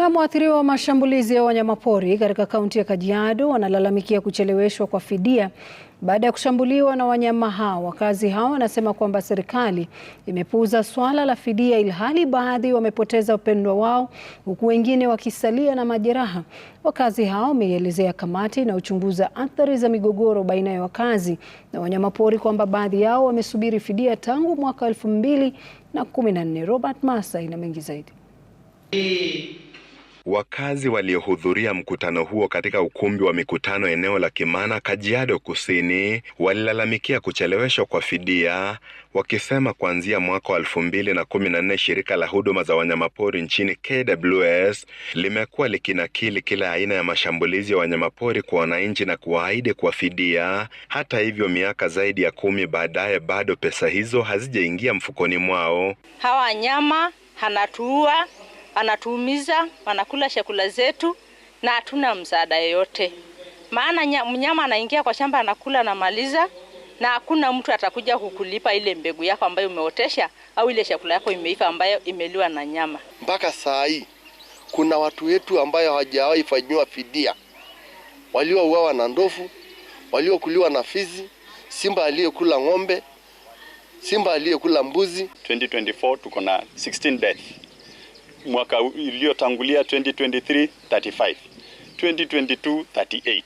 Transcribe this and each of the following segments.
Na mwathiriwa wa mashambulizi ya wanyamapori katika kaunti ya Kajiado wanalalamikia kucheleweshwa kwa fidia baada ya kushambuliwa na wanyama hao. Wakazi hao wanasema kwamba serikali imepuuza swala la fidia, ilhali baadhi wamepoteza upendwa wao huku wengine wakisalia na majeraha. Wakazi hao wameielezea kamati uchunguza athari za migogoro baina ya wakazi na wanyamapori kwamba baadhi yao wamesubiri fidia tangu mwaka elfu mbili na Robert Masai na mengi zaidi. Wakazi waliohudhuria mkutano huo katika ukumbi wa mikutano eneo la Kimana, Kajiado Kusini, walilalamikia kucheleweshwa kwa fidia, wakisema kuanzia mwaka wa 2014 shirika la huduma za wanyamapori nchini KWS limekuwa likinakili kila aina ya mashambulizi ya wanyamapori kwa wananchi na kuwaahidi kuwafidia. Hata hivyo, miaka zaidi ya kumi baadaye bado pesa hizo hazijaingia mfukoni mwao. Hawa wanyama hanatuua anatuumiza, anakula chakula zetu na hatuna msaada yoyote, maana mnyama anaingia kwa shamba anakula, maliza, na hakuna mtu atakuja kukulipa ile mbegu yako ambayo umeotesha au ile chakula yako imeiva ambayo imeliwa na nyama. Mpaka saa hii kuna watu wetu ambayo hawajawahi fanyiwa fidia, waliouawa na ndovu, waliokuliwa na fizi, simba aliyekula ng'ombe, simba aliyekula mbuzi. 2024 tuko na 16 death mwaka iliyotangulia 2023 35, 2022 38.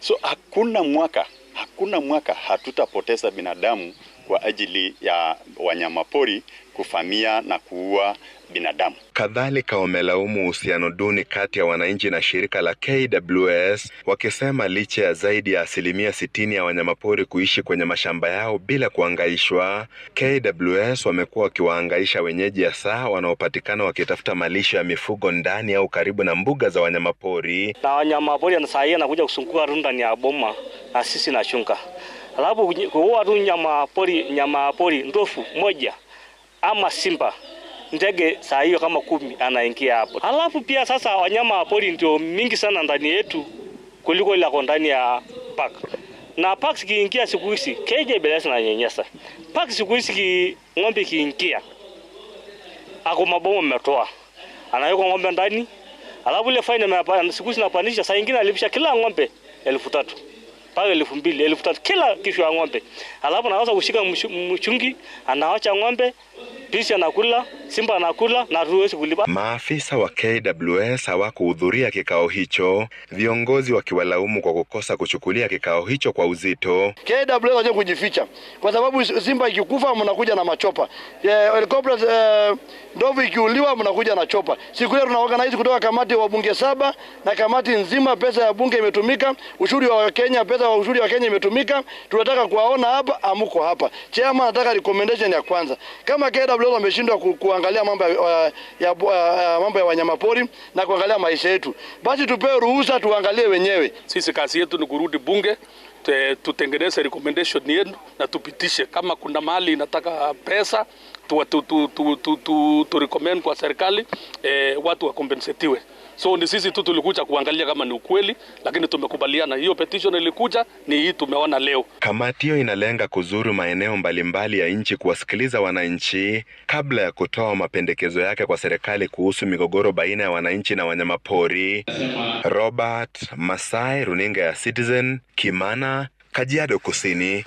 So hakuna mwaka, hakuna mwaka hatutapoteza binadamu kwa ajili ya wanyamapori kufamia na kuua binadamu. Kadhalika wamelaumu uhusiano duni kati ya wananchi na shirika la KWS wakisema licha ya zaidi ya asilimia sitini ya wanyamapori kuishi kwenye mashamba yao bila kuangaishwa, KWS wamekuwa wakiwaangaisha wenyeji hasa wanaopatikana wakitafuta malisho ya mifugo ndani au karibu na mbuga za wanyamapori. Na wanyamapori saa hii anakuja kusunguka runda ya boma na sisi na shunga Alafu kuua tu nyama pori, nyama pori ndofu moja ama simba ndege saa hiyo kama kumi anaingia hapo. Alafu pia sasa wanyama wa pori ndio mingi sana ndani yetu kuliko ile ndani ya park. Na park kiingia siku hizi keje bila sana nyenyesa. Park siku hizi ki ng'ombe kiingia. Ako mabomu umetoa. Anaweka ng'ombe ndani. Alafu ile fine faini siku hizi napandisha saa nyingine alipisha kila ng'ombe elfu tatu mpaka elfu mbili elfu tatu kila kitu ya ng'ombe. Alafu anaanza kushika mchungi, anaacha ng'ombe, pisi anakula simba anakula na hatuwezi kulipa. Maafisa wa KWS hawakuhudhuria kikao hicho, viongozi wakiwalaumu kwa kukosa kuchukulia kikao hicho kwa uzito. KWS waje kujificha kwa sababu simba ikikufa mnakuja na machopa, eh, helikopta eh, ndovu ikiuliwa mnakuja na chopa. Siku ile tunaorganize kutoka kamati wa bunge saba na kamati nzima, pesa ya bunge imetumika, ushuru wa Kenya, pesa ya ushuru wa Kenya imetumika. Tunataka kuwaona hapa, amuko hapa. Chama anataka recommendation ya kwanza kama KWS wameshindwa ku, kuanga kuangalia mambo ya, ya, mambo ya wanyamapori na kuangalia maisha yetu. Basi tupewe ruhusa tuangalie wenyewe. Sisi kazi yetu ni kurudi bunge tutengeneze recommendation yenu na tupitishe. Kama kuna mali inataka pesa tu, tu, tu, tu, tu, tu, tu recommend kwa serikali eh, watu wakompensetiwe. So ni sisi tu tulikuja kuangalia kama ni ukweli, lakini tumekubaliana hiyo petition ilikuja, ni hii tumeona leo. Kamati hiyo inalenga kuzuru maeneo mbalimbali ya nchi kuwasikiliza wananchi kabla ya kutoa mapendekezo yake kwa serikali kuhusu migogoro baina ya wananchi na wanyamapori. Robert Masai, runinga ya Citizen, Kimana, Kajiado Kusini.